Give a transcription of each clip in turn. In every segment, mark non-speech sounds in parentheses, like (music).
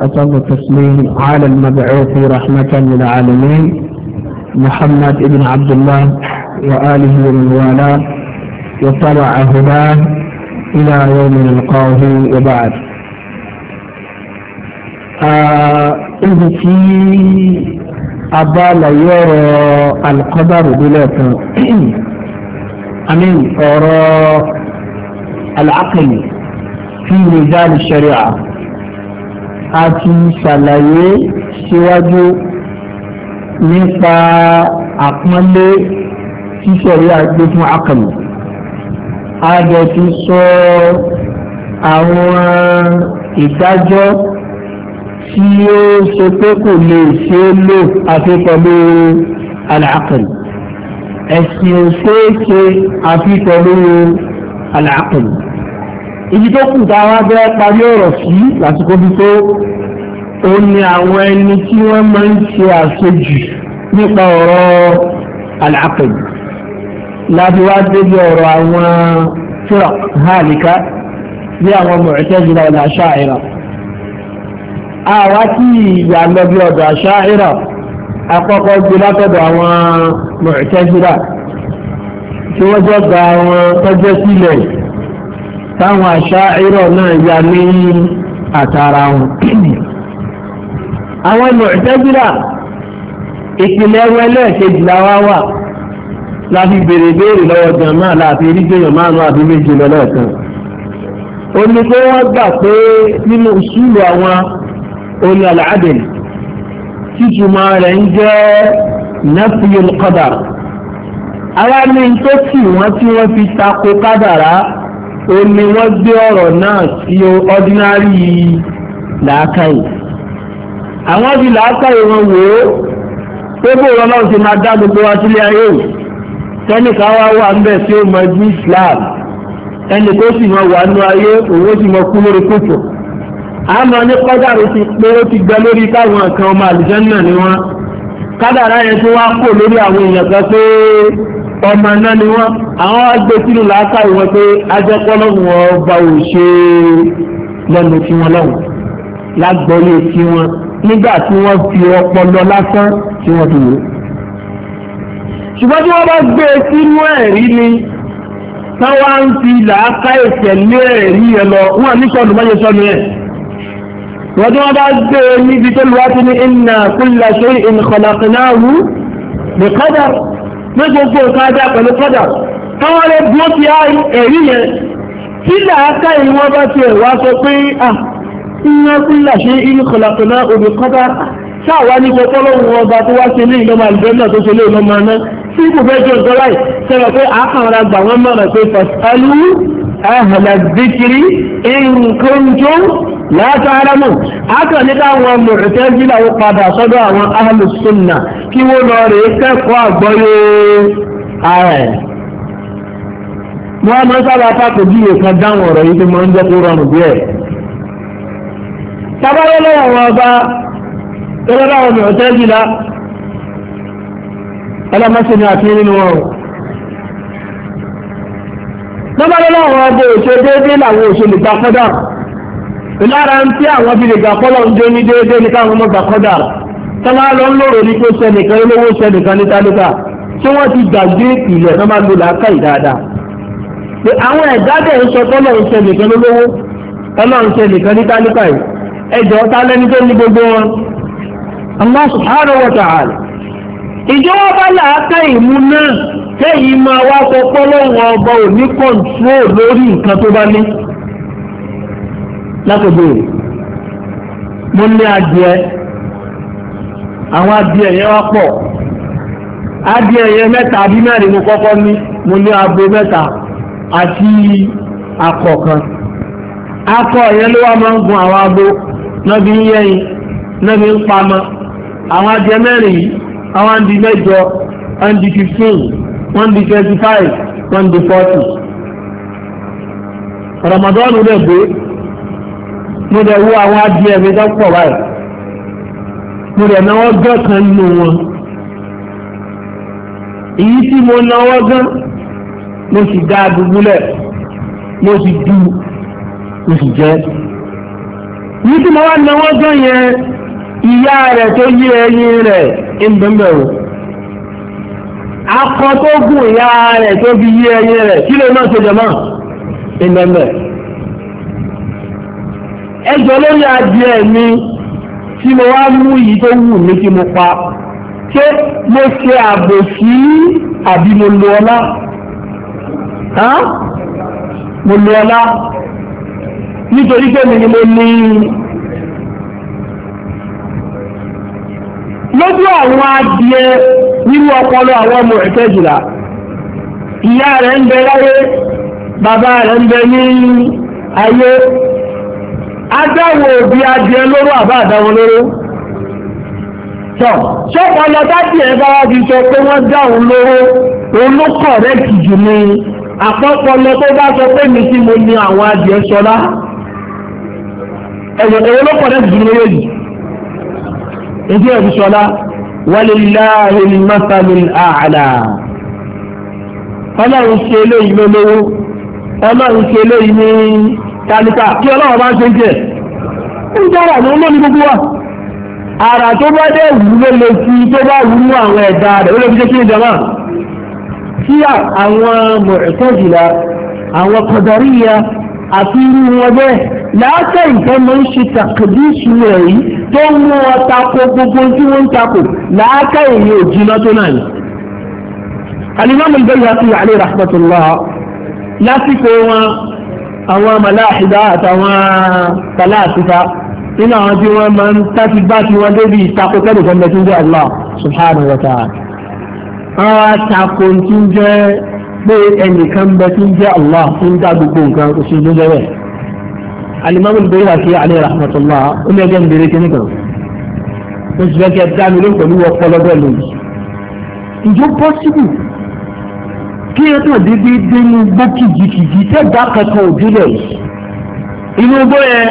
أتم التسليم على المبعوث رحمة للعالمين محمد بن عبد الله وآله ومن والاه وطلع هداه إلى يوم نلقاه وبعد إذا آه، في أبالا يرى القدر بلاك (clears throat) أمين أرى العقل في ميزان الشريعة a ti ṣàlàyé síwájú nípa àpọ́nlé ṣíṣẹ̀rí àgbé fún akọ̀lù a dẹ̀ ti sọ àwọn ìdájọ́ tí ó ṣe pé kò lè ṣe é lò àti pẹ̀lú àlàákọ̀lù ẹ̀sìn ò àti pẹ̀lú àlàákọ̀lù ibi tó kù tá a wá bẹ́ parí ọ̀rọ̀ sí lásìkò bí tó ó ní àwọn ẹni tí wọ́n máa ń ṣe àṣejù nípa ọ̀rọ̀ al-aqd láti wá débi ọ̀rọ̀ àwọn fúra hàlìká bí àwọn Mu'tazila wal Asha'ira àwa tí ìyá lọ bí ọ̀dọ̀ Asha'ira àkọ́kọ́ gbé látọ̀dọ̀ àwọn Mu'tazila tí wọ́n jọ gba àwọn tọ́jọ́ sílẹ̀ yìí táwọn àṣà irọ́ náà ya ní àtàrà wọn. àwọn Mu'tazila ìpìlẹ̀ ẹwọ ẹlẹ́ẹ̀kejì làwa wà láti béèrè béèrè lọ́wọ́ jàmáà láti rí jẹ́yàn márùn-ún àbí méjì lọ́lọ́ọ̀kan. ó ní pé wọ́n gbà pé nínú ìṣúlù àwọn oní àlàádẹ́lì títúmọ̀ rẹ̀ ń jẹ́ nafiyul qadar. ara ní tó tì wọ́n tí wọ́n fi tako kádàrá ó ní wọ́n gbé ọ̀rọ̀ náà sí ordinary làákàyè àwọn fi làákàyè wọn wò ó pé bó wọn náà m máa dá gbogbo wa sílé ayé o tẹ́nìkan wá wà ń bẹ̀ ju Islam ẹnì tó sì mọ wà nú ayé òun ó sì mọ kú lórí kòtò àmọ́ ní kọ́dàrú ti pé ó ti gbẹ lórí káwọn nǹkan ọmọ àlùjẹ́ náà ni wọ́n kádàrá yẹn tó wá kò lórí àwọn èèyàn ọmọ iná ni wọ́n àwọn agbé sínú làákà ìwọ̀n pé ajẹ́pọ́ lọ́hùn ọba ò ṣe lẹ́nu tí wọ́n lọ́hùn lágbọ́lé tí wọ́n nígbà tí wọ́n fi ọpọlọ lásán tí wọ́n fi wò. ṣùgbọ́n tí wọ́n bá gbé e sínú ẹ̀rí ni táwa ń fi làákà ìtẹ̀lé ẹ̀rí yẹn lọ wọ́n ní sọnù bá yẹ ẹ̀. wọ́n tí wọ́n bá gbé e níbi tó lùwá ní gbogbo nǹkan ajá pẹ̀lú kọ́dà káwọn lè bú ó ti ẹ̀rí yẹn tí làákà yìí wọ́n bá ti ẹ̀wà sọ pé à iná kúlà ṣe inú kọ̀làkọ̀lá òbí kọ́dà sáàwá ní gbogbo ọlọ́run ọba tó wá sí ilé ìlọ́mọ àlùbẹ́ńdà tó ṣe ilé ìlọ́mọ aná tí kò fẹ́ jẹ́ ọ̀tọ́ láì sẹ́wọ̀n pé àkànra gbà wọ́n mọ̀ràn pé fàṣálù ahàlà zikiri ìrùnkóńjó látàrámù àkànní táwọn mọ̀rẹ̀tẹ́ńdì làwọn padà sọ́dọ̀ àwọn ahàlù sunna kí wọ́n lọ rè é kẹ́kọ̀ọ́ àgbọ́yé ara ẹ̀. wọ́n máa ń sábà pàtàkì ìwé kan dáhùn ọ̀rọ̀ yìí tó máa ń jẹ́ kó rọrùn bí ẹ̀. tábàlẹ́ lọ́wọ́ wọn bá tẹ́lẹ̀ báwọn mi ò tẹ́lẹ̀ jìlá ọlọ́mọ́sẹ̀ ni àti nínú wọn o. tábàlẹ́ lọ́wọ́ wọn bó òṣè déédéé làwọn òṣèlú gbà kọ́dà. ìlara ń tí àwọn fi lè gbà kọ́dà ń dé ní déédéé ní káwọn ọmọ gbà kọ́dà rẹ̀ tọ́lá lọ ń lòrò ní kó sẹ́nìkan olówó sẹ́nìkan ní tálíkà tí wọ́n ti gbàgbé ìpìlẹ̀ tó máa ń lo làákà ìdáadáa pé àwọn ẹ̀dá dẹ̀ ń sọ tọ́lọ̀ ń sẹ́nìkan olówó tọ́lọ̀ ń sẹ́nìkan ní tálíkà yìí ẹjọ́ ta lẹ́ni tó ní gbogbo wọn Allah subhanahu wa ta'ala ìjọba bá làákà ìmú náà kẹ́yìn máa wá sọ pé lọ́wọ́ ọba ò ní lórí àwọn adìẹ yẹn wá pọ̀ adìẹ yẹn mẹ́ta àbí mẹ́rin mo kọ́kọ́ ní mo ní abo mẹ́ta àti akọ kan akọ yẹn ló wá máa ń gun àwọn abo náà bí ń yẹyin náà bí ń pamọ́ àwọn adìẹ mẹ́rin yìí àwọn andi mẹ́jọ andi fifteen wọ́n twenty five wọ́n forty Ramadan lè gbé mo lè wo àwọn adìẹ mi tó pọ̀ báyìí. mo rẹ̀ náwó gán kan nínú wọn èyí tí mo náwó gán mo sì dá a mo sì mo sì jẹ́ èyí tí mo wá gán yẹn ìyá rẹ̀ tó ẹyin rẹ̀ akọ tó gùn ìyá rẹ̀ tó fi ẹyin rẹ̀ kí ló náà ẹjọ́ lórí adìẹ mi. tí mo wá mú yìí tó wù mí tí mo pa ṣé mo ṣe ààbò sí àbí mo lo ọlá mo lo ọlá nítorí pé mi ni mo ní lójú àwọn adìẹ nínú ọpọlọ àwọn ọmọ ìtẹ́jìlá ìyá rẹ̀ ń bẹ láyé bàbá rẹ̀ ń bẹ ní ayé adáwò òbí adìẹ lóró àbá àdáwọn lóró tọ́ ṣọ́pọ̀ ọlọ́dájì ẹ̀ bá wá fi sọ pé wọ́n dáhùn lóró òun ló kọ̀ rẹ̀ kìjì ni àpọ́pọ̀ lọ tó bá sọ pé mi tí mo ní àwọn adìẹ sọlá ẹ̀yọ̀ òun ló kọ̀ rẹ̀ kìjì ni lórí èdè ẹ̀rí sọlá walillahi al-masalul a'la ọlọ́run ṣe eléyìí lólówó ọlọ́run ṣe eléyìí ní tàlíkà kí ọlọ́run bá ń ṣe ń jẹ́ ń dára ní olómi gbogbo wa ara tó bá dẹ̀ wù ló lè fi tó bá wù mú àwọn ẹ̀dá rẹ̀ ó lè fi ṣe kí ìjọba tí àwọn mọ̀ẹ́tọ́jìlá àwọn kọ̀dọ̀ríyà àti irú wọn bẹ́ẹ̀ láàkà ìfẹ́ máa ń ṣe tàkìdíṣù rẹ̀ yìí tó ń mú wọn tako gbogbo tí wọ́n ń tako láàkà èyí ò tó náà ni. alimami bẹ́ẹ̀ sí àlè rahmatullah lásìkò wọn àwọn màláhìdá àtàwọn tàláàfífà nínú àwọn tí wọ́n máa ń tàbí bá tí wọ́n débi ìtakò pẹ́lú gọ́ọ̀mẹ́ tí ń jẹ́ Allah subhanahu wa ta'ala àwọn àtakò tí ń jẹ́ pé ẹnìkan bẹ tí ń jẹ́ Allah tí ń dá gbogbo nǹkan kò sí lójẹ́ rẹ̀ alimami bẹ́ẹ̀ àti alẹ́ rahmatullah ó ní ẹgbẹ́ ìbéèrè kí nìkan ó sì fẹ́ kí ẹ dá mi ló pẹ̀lú ọpọlọ bẹ́ẹ̀ lónìí ìjọ pọ́sibù kí ẹ tàn dédé dénú gbó kìjìkìjì tẹ́gbà kankan òdúlẹ̀ inú gbó yẹn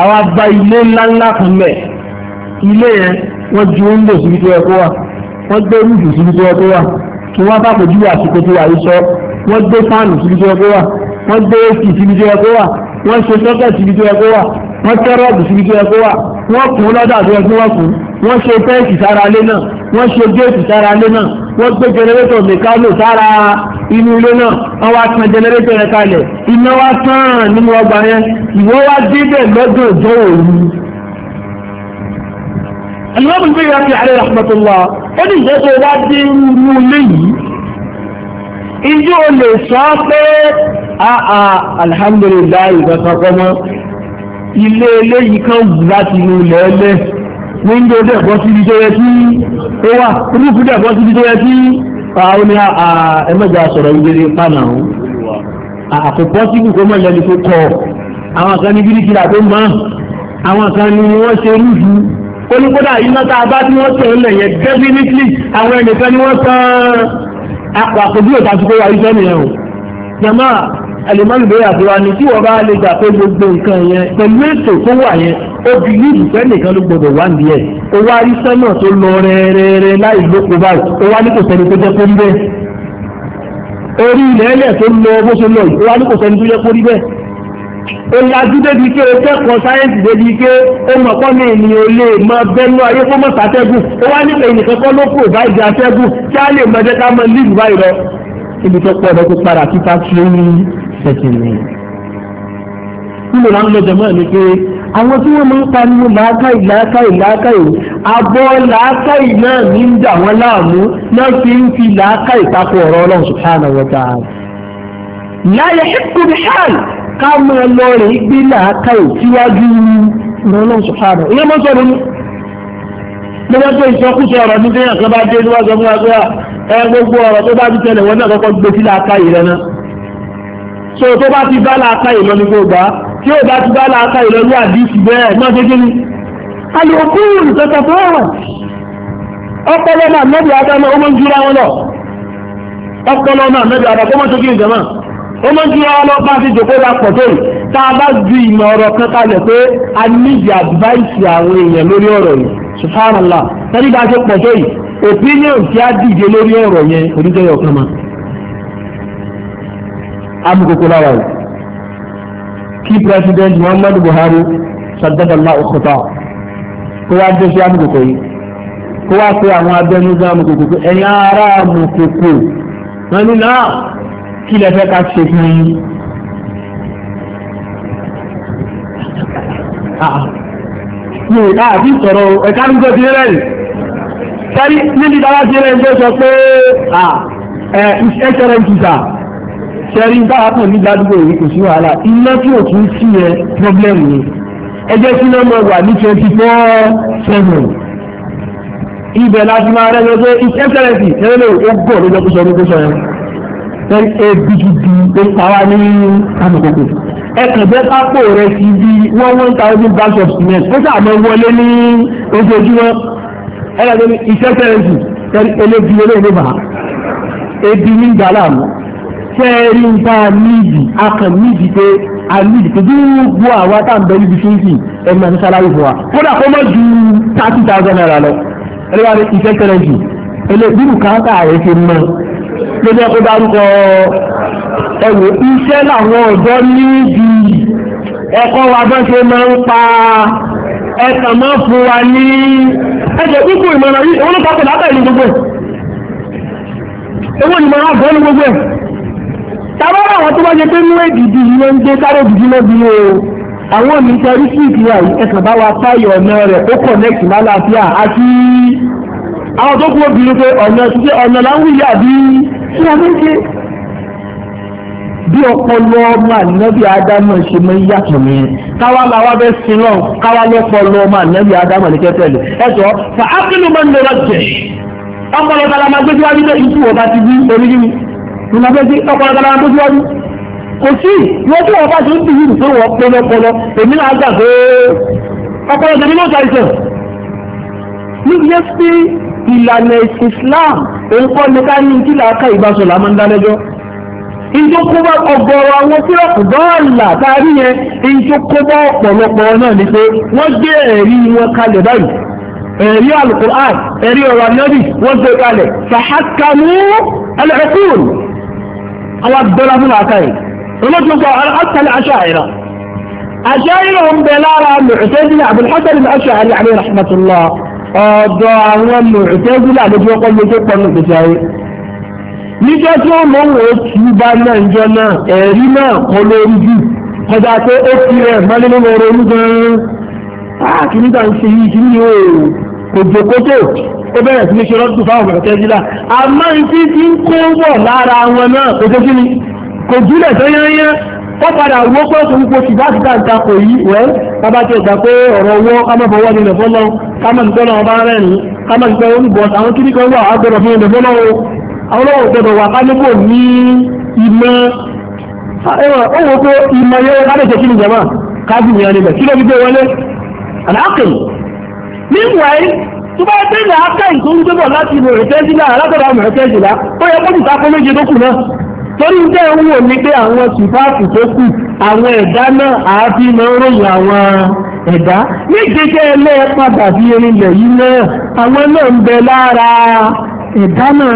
àwọn àgbà ilé ńláńlá kan mẹ́ ilé yẹn wọ́n ju oúnjẹ síbi tó yẹ kó wà wọ́n gbé rúdù síbi tó yẹ kó wà kí wọ́n bá kojú àsìkò tó wà yìí sọ wọ́n gbé fáànù síbi tó yẹ kó wà wọ́n gbé èsì síbi tó yẹ kó wà wọ́n ṣe sọ́kẹ̀ síbi tó yẹ kó wà wọ́n tẹ́rọ̀dù síbi tó yẹ kó wà wọ́n kùn lọ́dà tó yẹ kó wọ́n kùn wọ́n ṣe fẹ́ẹ̀sì sára alé náà wọ́n ṣe géètì sára alé náà wọ́n gbé jẹnẹrétọ̀ mẹ̀kánò sára inú ilé náà wọ́n wá tan jẹnẹrétọ̀ yẹn kalẹ̀ iná wá tán nínú ọgbà yẹn ìwọ wá débẹ̀ lọ́dún òjò òru. alimami gbé yàtí àlẹ́ rahmatullah ó ní ìjẹ́ tó wá dé inú ilé yìí ijó lè sọ pé àà alhamdulilayi ìgbà mọ́ ilé eléyìí kan wù láti inú ilẹ̀ ẹlẹ́ẹ̀ wíńdò dẹ̀bọ́ síbi tó yẹ kí ó wà rúfù dẹ̀bọ́ síbi tó yẹ kí àwọn ní ẹmẹ́jà sọ̀rọ̀ ìgbèrè pàmà ọ̀hún àkópọ̀ síbù kó mọ̀ lẹ́ni tó kọ̀ àwọn kan ní bíríkìlà tó mọ̀ àwọn kan ní wọ́n ṣe rúfù ó ní bá tí wọ́n tẹ̀ lẹ̀ yẹn definitely àwọn ẹnìkan ni wọ́n san àpàkójú ìta tó wà iṣẹ́ nìyẹn o jama alimami bẹ́ẹ̀ àti wa ni tí wọ́n bá lè gbà pé gbogbo nǹkan yẹn pẹ̀lú ètò tó wà yẹn ó di yìí ìfẹ́ nìkan ló gbọdọ̀ wá nìyẹ ó wá rí sẹ́nà tó lọ rẹ́rẹ́rẹ́ láì lóko báyìí ó wá ní kò sẹ́ni tó jẹ́ kó rí bẹ́ẹ̀ orí ilẹ̀ ẹlẹ̀ tó lọ bó ṣe lọ yìí ó wá ní kò sẹ́ni tó jẹ́ kó rí bẹ́ẹ̀ ó lajú débi ike ó kẹ́kọ̀ọ́ sáyẹ́ǹsì débi ike ó mọ̀ kọ́ ní ènìyàn lè mọ bẹ́nu ayé kó mọ̀ sátẹ́gùn ó wá nípa ènìyàn kọ́ ló kó ìbá ìdí atẹ́gùn kí á lè mọ ẹjẹ́ ká mọ lílù báyìí lọ ibi tó pọ̀ lọ́kọ́ padà kíkà tí ó ní ṣẹ̀ṣẹ̀ nìyẹn. nínú làwọn ọmọ jẹ̀mọ́ ẹ̀ ni pé àwọn tí wọ́n máa ń pariwo làákàyè làákàyè làákàyè abọ́ làákàyè náà ní ń dà wọ́n láàmú náà fi ń fi làákàyè tako ọ̀rọ̀ ọlọ́run subhanahu wa láyé ẹ̀kúbi hàn ká máa lọ rè gbé làákàyè síwájú ọlọ́run subhanahu ìyẹn máa sọ̀rọ̀ ọ̀rọ̀ bá dé níwájú ọmọ àgbà ẹ gbogbo ọ̀rọ̀ tó bá ti tẹ̀lé wọn tí ó bá ti bá láàká ìlọ́lú àdísì bẹ́ẹ̀ náà ṣe gíní alùpùpù tọ́tọ̀ tó rọ̀ ọpọlọ náà mẹ́bí adáná ó mọ́ ń jura wọn lọ ọpọlọ náà mẹ́bí adáná ó mọ́ ń ṣe gíní jẹ̀mọ́ ó mọ́ ń jura wọn lọ bá ti jòkó la pọ̀ tó yìí tá a bá ju ìmọ̀ ọ̀rọ̀ kan kalẹ̀ pé a níbi àdíváìsì àwọn èèyàn lórí ọ̀rọ̀ yìí subhanallah tẹ́lí bá ṣe pọ̀ tó yìí opinion tí a dìde lórí ọ̀rọ̀ yẹn oníjẹ́yọ̀ kan mọ́ amukoko lára yìí kí president muhammadu buhari sàdádàlá òkúta kó wá dé sí amúkòkò yìí kó wá pé àwọn abẹnugá amúkòkò ẹ̀yin ará amúkòkò wọn ni náà kí lè fẹ́ ká ṣe fún yín. mi ò àti sọ̀rọ̀ ẹ̀ka ń gbé sílẹ̀ rẹ̀ sẹ́rí níbi dára sílẹ̀ ń gbé sọ pé ẹ̀ ẹ̀ ṣẹ̀rẹ̀ ń kìsà sẹ́rí dáa pọ̀ ní gbádùgbò yìí kò sí wàhálà iná tí ò tún sí ẹ pọ́blẹ́mù yìí ẹ jẹ́ kí iná máa wà ní twenty four seven ibẹ̀ láti máa rẹ́ lọ́jọ́ ìṣẹ́sẹ̀rẹ̀sì ẹ̀rẹ́ lè ó gọ̀ lọ́jọ́ kó sọ ní kó sọ yẹn sẹ́rí ebi gidi ó pàwá ní àmọ̀kòkò ẹkàn jẹ́ pápò rẹ̀ ti di one one thousand bags of cement ó sàmọ́ wọlé ní ojoojúmọ́ ẹ̀rẹ́ ìṣẹ́sẹ̀rẹ̀sì sẹ́rí elébi olóògbé bàá ebi ní ìgbàlá àmọ́ tẹ́ẹ̀rí ń bá níbi akàn níbi pé a níbi pé gbogbo àwa tá à ń bẹ níbi fífi ẹ̀mí àti sáláyé fún wa kódà kó má ju thirty thousand naira lọ ẹlẹ́wà ní ìfẹ́ tẹ́lẹ̀jì ẹlẹ́ bírù káńtà rẹ̀ ṣe mọ́ lórí ẹ̀kọ́ dárúkọ ẹ̀wò iṣẹ́ làwọn ọ̀dọ́ níbi ẹ̀kọ́ wa bọ́ ṣe máa ń pa ẹ̀kàn máa fún wa ní ẹ̀jẹ̀ púpọ̀ ìmọ̀ràn yìí owó ló pàtó látẹ̀ gbogbo ẹ̀ owó ìmọ̀ràn àgbọ̀ ní gbogbo ẹ̀ tábàrà àwọn tó bá jẹ pé nú èdìdì yìí ló ń gbé sáré òdìdì lọ́bi o àwọn òní tẹrí sí ìpínlẹ̀ yìí ẹ̀sán bá wa fáyọ̀ ọ̀nà rẹ̀ ó kọ̀nẹ́kì lálàáfíà àti àwọn tó kú obìnrin pé ọ̀nà ṣíṣe ọ̀nà láwùí yà bí kí wọ́n fẹ́ ṣe. bí ọpọlọ ọmọ ànábì ádámù ṣe máa ń yàtọ̀ nìyẹn káwa la wá bẹ́ sin náà káwa lọ́pọlọ ọmọ ànábì ádámù ní kẹ́tẹ́lẹ̀ ẹ̀sọ́ fà ákínú máa ń lọ lọ́jẹ̀ ọpọlọ ìlànà sí ọ̀pọ̀lọpọ̀lọ tó síwájú kò sí wọ́n tí wọ́n bá ti ń bí yìí tó wọ́n pọlọpọlọ èmi náà gbà pé ọpọlọ tẹ̀mí náà ṣàìsàn níbi yẹn sí ìlànà Islam òǹkọ́ ni ká ní kí làákà ìbáṣọ là máa ń dálẹ́jọ́ ìjókòó ọgọ́rọ̀ àwọn tí ọ̀pọ̀ dọ́ọ̀là tàbí yẹn ìjókòó ọ̀pọ̀lọpọ̀ náà ni pé wọ́n gbé ẹ̀rí wọn kalẹ̀ báyìí ẹ̀rí alukur'an ẹ̀rí ọ̀rọ̀ anábì wọ́n gbé kalẹ̀ fàhákàmú ẹlẹ́kùn àwọn agbẹ́lá fún àkàyè olótùkọ àtàlẹ̀ àṣàìrà àṣàìrà ń bẹ lára mùtẹ́sílẹ̀ àbùlhásẹ̀lẹ̀ àṣàìrà àbẹ̀ rahmatullah ọ̀dọ̀ àwọn mùtẹ́sílẹ̀ àbẹ̀tí ọkọ̀ méjì pọ̀nù gbèsè ayé níjọ́ tí ó mọ̀ wọ́n ti bá náà jọ náà ẹ̀rí náà kọ́ lórí jù kọjá pé ó ti rẹ̀ mọ́lẹ́ nínú ọ̀rọ̀ onígbọ̀n ó bẹ̀rẹ̀ sí ní ṣe rọ́dù fáwọn kẹ̀kẹ́ jílá àmọ́ ìtí tí ń kó wọ̀ lára wọn náà kò tó kíni kò júlẹ̀ tó yányá ó padà wó pé òkú gbogbo ṣùgbọ́n àti dáńtà kò yí wẹ́ bàbá ti ẹ̀gbà pé ọ̀rọ̀ owó kámọ́fọwọ́ ni lọ́fọ́lọ́ kámọ́nìtọ́nà ọba rẹ̀ ní kámọ́nìtọ́ olùbọ̀t àwọn kíníkan wà agbọ̀dọ̀ fún ìlẹ̀fọ́lọ́ o àwọn olówó gbọdọ̀ wà kánúkò ní ìmọ̀ ó wò pé ìmọ̀ yẹn ká lè ṣe kíni jẹ̀mọ́ káàdì ìyẹn níbẹ̀ kí ló fi gbé wọlé àdáàkè níwáyé tó bá dé ní aká ìtòrí tó bọ̀ láti ìlú rẹ̀kẹ́jìlá alátọ̀rọ̀ àmọ̀ rẹ̀kẹ́jìlá ó yẹ kó nìta kó méje tó kù náà torí ń tẹ́ ń wò ní pé àwọn sùpáàpù tó kù àwọn ẹ̀dá náà àábí máa ń ròyìn àwọn ẹ̀dá méje jẹ́ ẹlẹ́ padà bí erin lẹ̀ yìí náà àwọn náà ń bẹ lára ẹ̀dá náà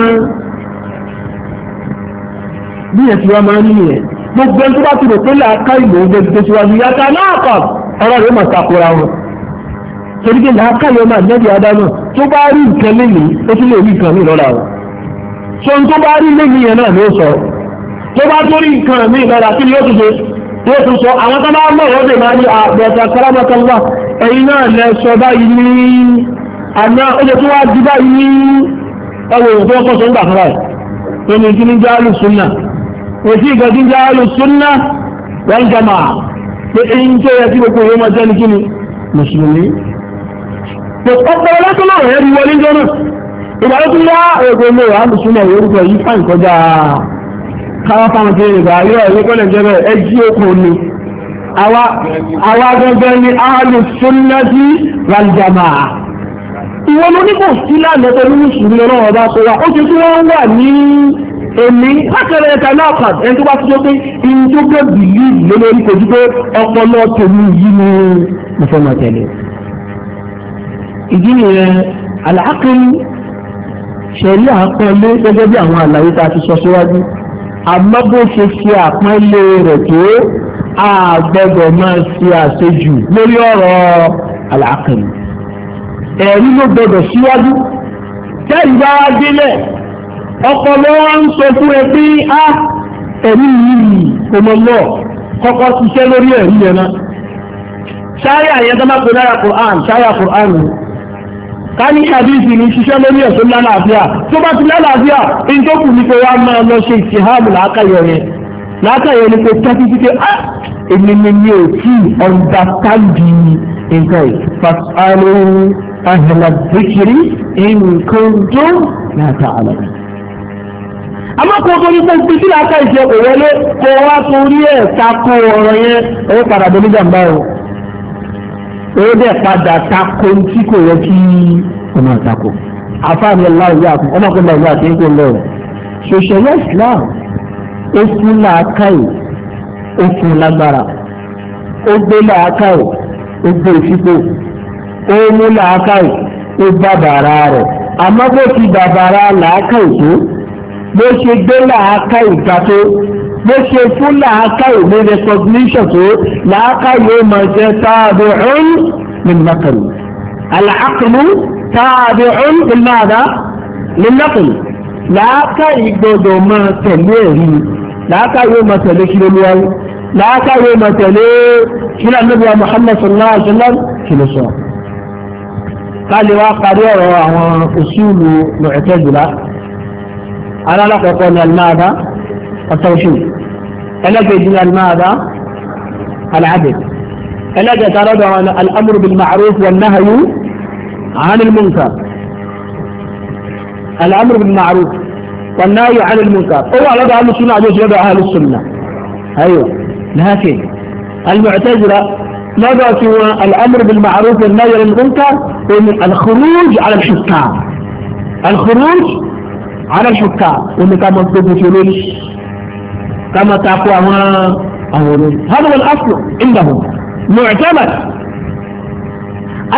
bí ẹ̀sìn wa máa ń nìyẹn gbogbo ẹni tó bá ti rò pé làákà ìlú ọgbẹ́ ti tẹ̀síwájú yàtọ̀ náà kọ̀ ọ̀rọ̀ rẹ̀ mà takora wọn torí pé làákàyọ̀ máa nẹ́bí adámọ̀ tó bá rí nǹkan lẹ́yìn ó tún lè rí nǹkan mìíràn lára wọn so tó bá rí lẹ́yìn yẹn náà ni ó sọ tó bá tó rí nǹkan mìíràn lára kí ni ó tún ṣe yóò tún sọ àwọn tó máa ń wọ́n lè máa ní àbẹ̀tà sálámọ́tàlá ẹ̀yin náà lẹ sọ báyìí ní àná ó lè tún wá di báyìí ní ọwọ́ òun tó ń gbà fúnra ẹ̀ tó kí ní jẹ́ alùsùnà òsì ìgbà ọ̀pọ̀ ọlọ́tọ́ náà rẹ̀ rí wọlé jọ náà ìgbà tó tún yá ẹgbẹ́ ilé wa mùsùlùmọ̀ ìwé orúkọ yìí fáìn kọjá káwá fáwọn tí ni àwa jamaa ìwọ ló ní kò sí lánàá pẹ̀lú mùsùlùmí ọlọ́run ọba tó wa ó ti tún wọ́n wà ní èmi lákẹrẹ ẹ̀ka náà kàn ẹni tó bá tó pé ìyìn ìdí nìyẹn àlàákìlì ṣẹ̀rí àpọ́nlé gẹ́gẹ́ bí àwọn àlàyé a ti sọ síwájú àmọ́ bó ṣe ṣe àpọ́nlé tó a gbọdọ máa ṣe àṣejù lórí ọ̀rọ̀ àlàákìlì ẹ̀rí ló gbọdọ síwájú tẹ́rì bá wá délẹ̀ ń sọ fún ẹ pé a ẹ̀rí yìí ọmọ náà kọ́kọ́ ṣiṣẹ́ lórí ẹ̀rí yẹn náà ṣáyà yẹn tó ká ní àdíìsì ní ṣiṣẹ́ lórí ẹ̀sùn lálàáfíà tó bá ti lálàáfíà ní tó kù ní pé wá máa lọ ṣe ìtìháàmù láàkàyọ̀ rẹ̀ láàkàyọ̀ ni pé tẹ́tí sí pé á ah, èmi ni mi ò tí ọ̀ndàtàndì nǹkan yìí fàtàlù ahìlà bìkìrì nǹkan tó láta àlàyé. àmọ́ kò tó ní pé bí sí láàkàyọ̀ ṣe kò wọlé kó wá torí ẹ̀ takò ọ̀rọ̀ yẹn ó padà dé nígbà mbáyọ̀ ó dẹ̀ padà tako tí kò yẹ kí ọmọ àtakò àfáàní aláwọ̀ yà kún ọmọkùnrin náà yà kí n kò lọ ṣòṣèlú Islam ó fún làákàyè ó fún lágbára ó gbé làákàyè ó gbé ìfipò ó mú làákàyè ó bá bàrà rẹ̀ àmọ́ bó ti bàbàrà làákàyè tó bó ṣe gbé làákàyè ga tó bó ṣe fún làákàyè ní recognition tó làákàyè ó máa jẹ́ táàbí ọ̀hún ní nàkàlù àlàákùnú táàbí ọ̀hún ní nàdá ní nàkàlù làákàyè gbọdọ̀ máa tẹ̀lé ẹ̀rí làákàyè ó máa tẹ̀lé kí ló ló wáyé làákàyè ó máa tẹ̀lé kí ló ànábì wa Muhammad sallallahu alayhi wa sallam kí ló sọ. ká lè wá parí ọ̀rọ̀ àwọn òṣìlú mọ̀ẹ́tẹ́jùlá alálàkọ̀ọ́kọ́ ní aláàdá ọ̀tọ̀ òṣìlú. من ماذا العدل فنجد رضا الأمر بالمعروف والنهي عن المنكر الأمر بالمعروف والنهي عن المنكر هو لدى أهل السنة عجوز لدى أهل السنة أيوة لكن المعتزلة ماذا سوى الأمر بالمعروف والنهي عن المنكر الخروج على الحكام الخروج على الحكام وإن كان مطلوب في كما تقوى هذا هو الاصل عندهم معتمد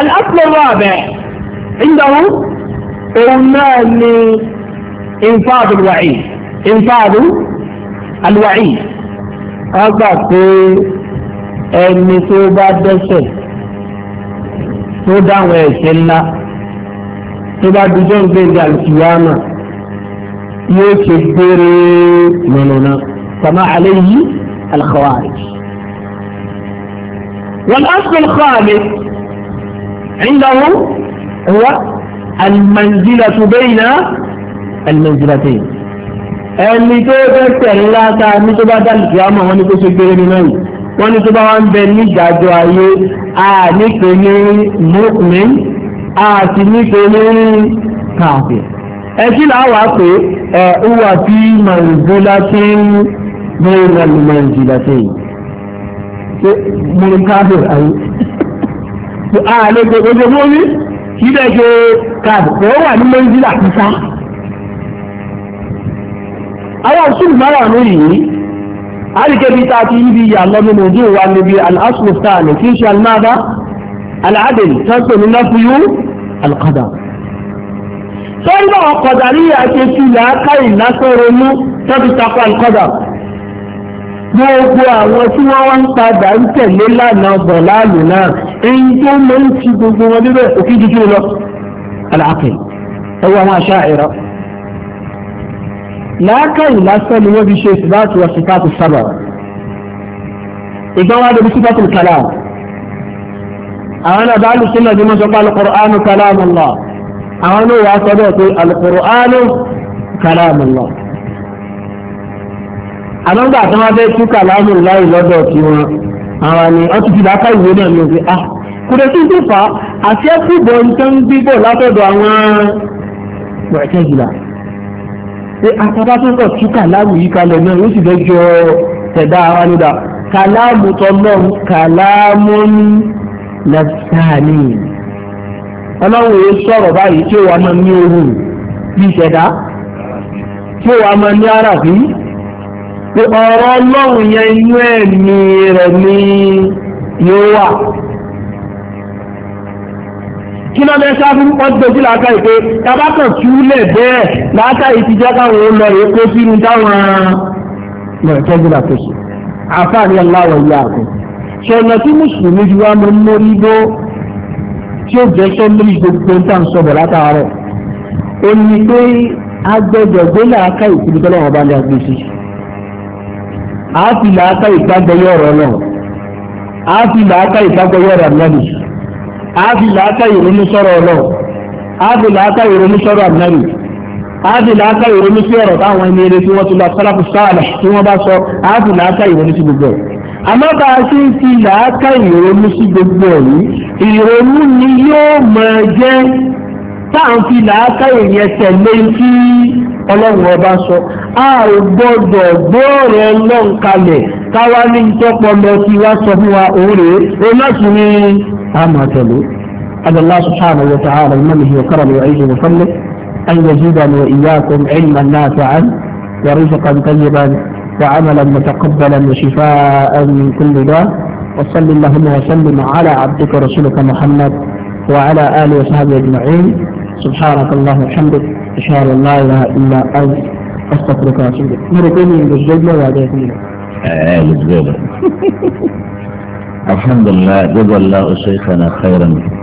الاصل الرابع عندهم ايمان انفاذ الوعيد انفاذ الوعيد هذا في النسوبة دسل سودان ويسلا سودان بجون بين القيامة يوشي بيري منونه كما عليه الخوارج والأصل الخامس عنده هو المنزلة بين المنزلتين اللي توجد تلا تامي تبادا القيامة ونكو سجرين ونطبع عن بني جادو آيه آني كني مؤمن آتني آه، كني كافر أجل عواقي آه، هو في منزلة بين المنزلتين من كافر أي سؤال وجبوني كده كافر وهو المنزلة حسا àwọn òṣùlù márùn-ún yìí alìkẹ́bí ta ti ibi ìyàlọ́ nínú ojú wa níbi al'asùlùsáàlù kí ṣe almada al'adil tọ́sọ̀ ní lọ́fíyú alkada sọ́rọ̀ ọkọ̀dàrí àti ìṣúlẹ̀ akáyìn lásán ronú tọ́bi takọ alkada gbogbo àwọn tí wọ́n wá ń padà ń tẹ̀lé lánàá bọ̀ láàlú náà èyí tó mọ̀ ń fi gbogbo wọn níbẹ̀ òkè jíjú lọ aláàfẹ́ ẹwọ àwọn àṣà ẹ̀rọ láákàyè lásán ni wọ́n fi ṣe ìsìbáàtì wọ sípàtì sábà ìgbọ́n wá débi sípàtì kàlá àwọn náà alùsùn náà ni wọ́n sọ alukọ̀rọ̀ ánú kàlá mọ̀lá àwọn náà wà á sọ bẹ́ẹ̀ pé alukọ̀rọ̀ ánú kàlá mọ̀lá àlọ́gbà tí wọ́n fẹ́ tú kàlámù láì lọ́dọ̀ tí wọn àwọn ni ọtí ti dáká ìwé náà ní òfin ah kò lè tún tó fà á àti ẹkùbọ̀ nǹkan gbígbọ̀ látọ̀dọ̀ àwọn mọ̀ẹ́kẹ́jìlá pé àtàbá ah, tó ń bọ̀ tú kàlámù yìí kalẹ̀ náà yóò sì fẹ́ jọ tẹ̀dá ara nígbà kàlámù tọ́lọ́ kàlámù nàfsàní ọlọ́run yìí sọ̀rọ̀ báyìí tí ó wà máa ní orun bí ìṣẹ̀dá tí ó wà máa ní àràbí pé ọ̀rọ̀ ọlọ́run yẹn inú ẹ̀mí rẹ̀ ni yóò wà kí ló bẹ sáfù ọdọjú làákà yìí pé tabakọ̀ túlẹ̀ bẹ́ẹ̀ làákà yìí ti jẹ́ káwọn ó lọ rèé kó sínú táwọn lọ tọ́jú làkóso àfáàní aláwọ̀ ìyá àkó ṣọ̀nà tí mùsùlùmí ju wa mọ mórí bó tí ó jẹ́ sọ́mírì gbogbo tá à ń sọ̀bọ̀ látàárọ̀ ó ní pé agbẹ́dọ̀ làákà yìí kúbi tọ́lọ́wọ́n agbèsè a fi làákà ìtagbọyọ ọ̀rọ̀ náà a fi làákà ìtagbọyọ ọ̀rọ̀ ànábì a fi làákà ìrònú sọ̀rọ̀ náà a fi làákà ìrònú sọ̀rọ̀ ànábì a fi làákà ìrònú sí ọ̀rọ̀ táwọn ẹni eré tí wọ́n ti lọ sálàfù sáàlà tí wọ́n bá sọ a làákà ìrònú gbogbo ẹ̀ àmọ́ bá a ṣe ń fi làákà ìrònú gbogbo ẹ̀ ìrònú ni yóò máa jẹ́ táà ń fi làákà ìyẹn tẹ̀lé sí ọlọ́run ọba sọ a ò gbọ́dọ̀ gbóòrè ọlọ́run kalẹ̀ káwa ní ìtọ́pọlọ tí wá sọ fún wa òun rèé òun náà sì ní àmọ̀tẹ̀lẹ́ أدى الله سبحانه وتعالى بمنه وكرمه وعزه وفضله أن يزيدنا وإياكم علما نافعا ورزقا طيبا وعملا متقبلا وشفاء من كل داء وصل اللهم وسلم على عبدك ورسولك محمد وعلى آله وصحبه أجمعين سبحانك اللهم وبحمدك شهر لا إله إلا أنت أستغفرك وأتوب إليك مرتين من الجبلة وعليكم الله الجبلة الحمد لله جزا الله شيخنا خيرا